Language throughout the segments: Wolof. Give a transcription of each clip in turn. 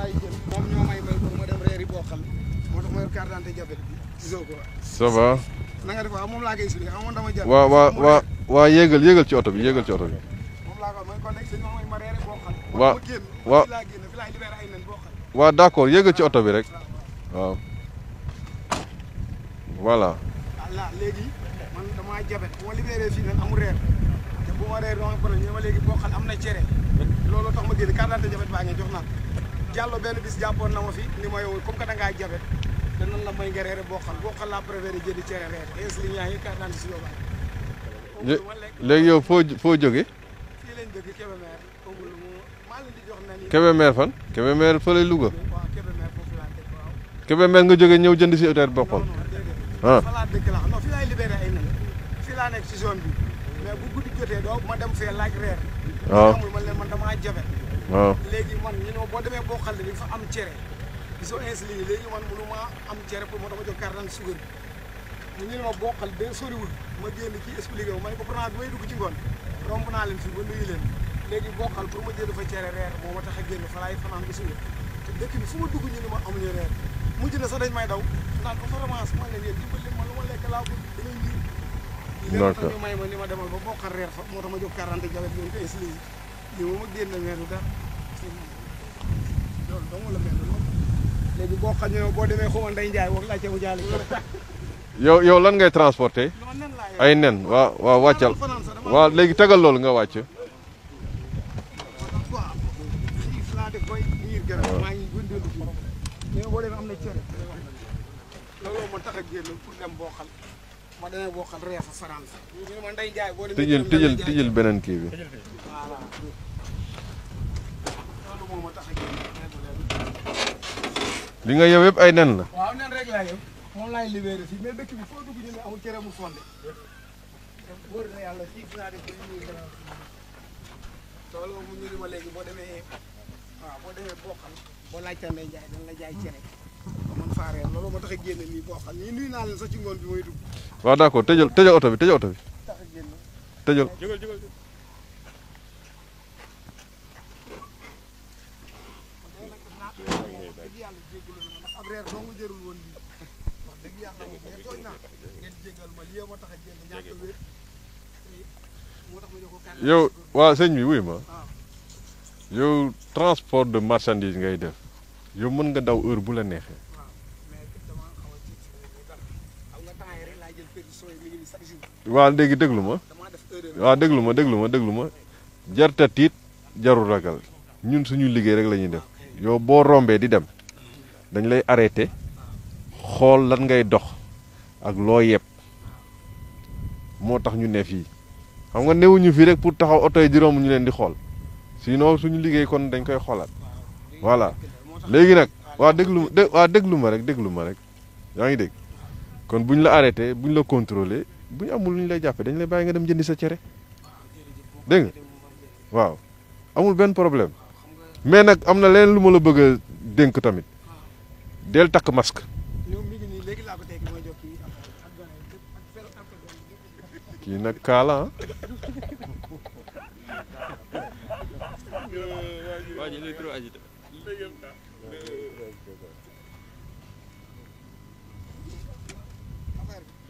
laay jël moom ñoo may may pour ma dem reeri boo xam moo tax ma yor carte d'identité jabet bi gisoo ko ça va na nga def waaw moom laa koy expliqué amoon dama jàpp waaw waaw waaw waaw yéegal yéegal ci oto bi yéegal ci oto bi moom laa ko man kon nag sëñ moom ma reeri boo xam waaw waaw fi laa génn fi laay libéré ay nen boo xam waaw d' accord yéegal ci oto bi rek waaw voilà voilà léegi man damaa jabet bu ma libéré fii nag amul reer te bu ma reer dama ko ñu ma léegi boo xam am na cere loolu tax ma génn carte d'identité jabet baa ngi jox naa Diallo benn bis jàppoon na ma fi ni ma comme que da ngaa jabet danañ la may nga reere bokkal bokkal laa préféré jëndi cere reer es li si yóbbaale. yow lañ di jox nani. Kébémer fan Kébémer fële Louga. waaw Kébémer foofu laa dëkk waaw. Kébémer nga jóge ñëw jënd si reer bokkal. ah fa laa dëkk laa non fii laay libéré ay nan fii laa nekk si zone bi mais bu guddi ma dem laaj ah. man man waaw léegi man ñu ne boo demee boo xam ne fa am cere soo gisoo insuline léegi man mënu maa am cere pour ma dama jox carte d'identité suukar bi ñu boo xam ne soriwul ma génn kii expliqué wu ma ne ko pourtant bi dugg ci ngoon romb naa leen fii ba nuyu leen léegi boo xam ma jënd fa reer moo ma tax a fa laay bi fu ma dugg ñu ne ma amuñu reer mujj na sax dañ may daw naan ko vraiment ma ne leen dimbali ma lu ma lekk laa ko dinañ ñu ma ni ma demal fa moo tax ma jox carte d'identité jawet ñoonu lii moom ak génn meeru dara boo xam boo demee xaw ma Ndeye Ndiaye wax yow yow lan ngay transporter ay nen waaw waaw wàccal waaw léegi tegal loolu nga wàcc. waaw. tëjël tëjël tëjël beneen kii bi. li nga yow yëpp ay nen la. waaw nen rek laa yow moom laay libéré fii mais dëkk bi foo dugg ñu ne amul cere mu fonde. wóor na yàlla fii gis naa ne bu ñu tooloo mu ñu ma léegi moo demee waaw boo demee bokkal boo laajtee ndey jaay dañ la jaay cere. man faaree loolu moo tax a génne nii bokkal nii nuyu naa leen sax ci ngoon bi mooy dugg. waa d'accord tëjal tëjal oto bi tëjal oto bi tëjal. yow waa sëñ bi wuy yow transport de marchandise ngay def yow mën nga daw heure bu la neexee. waaw léegi déglu ma waa déglu ma déglu ma déglu ma jarta tiit jarul ragal ñun suñu liggéey rek la ñuy def yow boo rombee di dem dañ lay arrêté xool lan ngay dox ak loo yeb moo tax ñu ne fii xam nga newuñu fii rek pour taxaw oto yi di romb ñu leen di xool sinon suñu liggéey kon dañ koy xoolaat voilà léegi nag waa déglu ma waa déglu ma rek déglu ma rek yaa ngi dégg kon bu ñu la arrêté bu ñu la contrôlé bu ñu amul lu ñu lay jàppee dañ lay bàyyi nga dem jëndi sa cere dégg nga waaw amul benn problème mais nag am na leen lu ma la bëgg a dénk tamit del takk masque. kii nag kaala ah.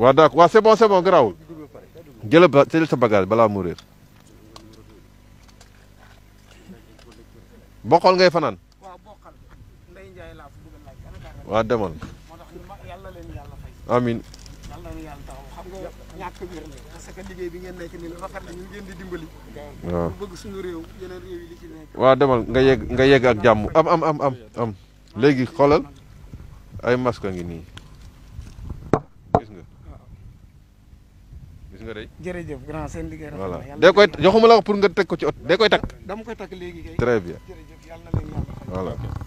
waa d' accord waa c' est bon c' est bon garaawul jël ba jël sa bagage balaa mu réer bokkal ngay fanaan waa demal amin ñàkk wér la ah. parce que liggéey bi ngeen nekk nii rafet ñu ngeen di dimbali waaw bëgg suñu réew yeneen réew yi li ci nekk waaw demal nga yegg nga yegg ak jàmm am am am am am léegi xoolal ay masque ngi nii gis nga day jërëjëf grand seen liggéey pour nga teg ko ci ot da koy takk dama koy takk léegi kay très bien jërëjëf yàlla na leen yàlla voilà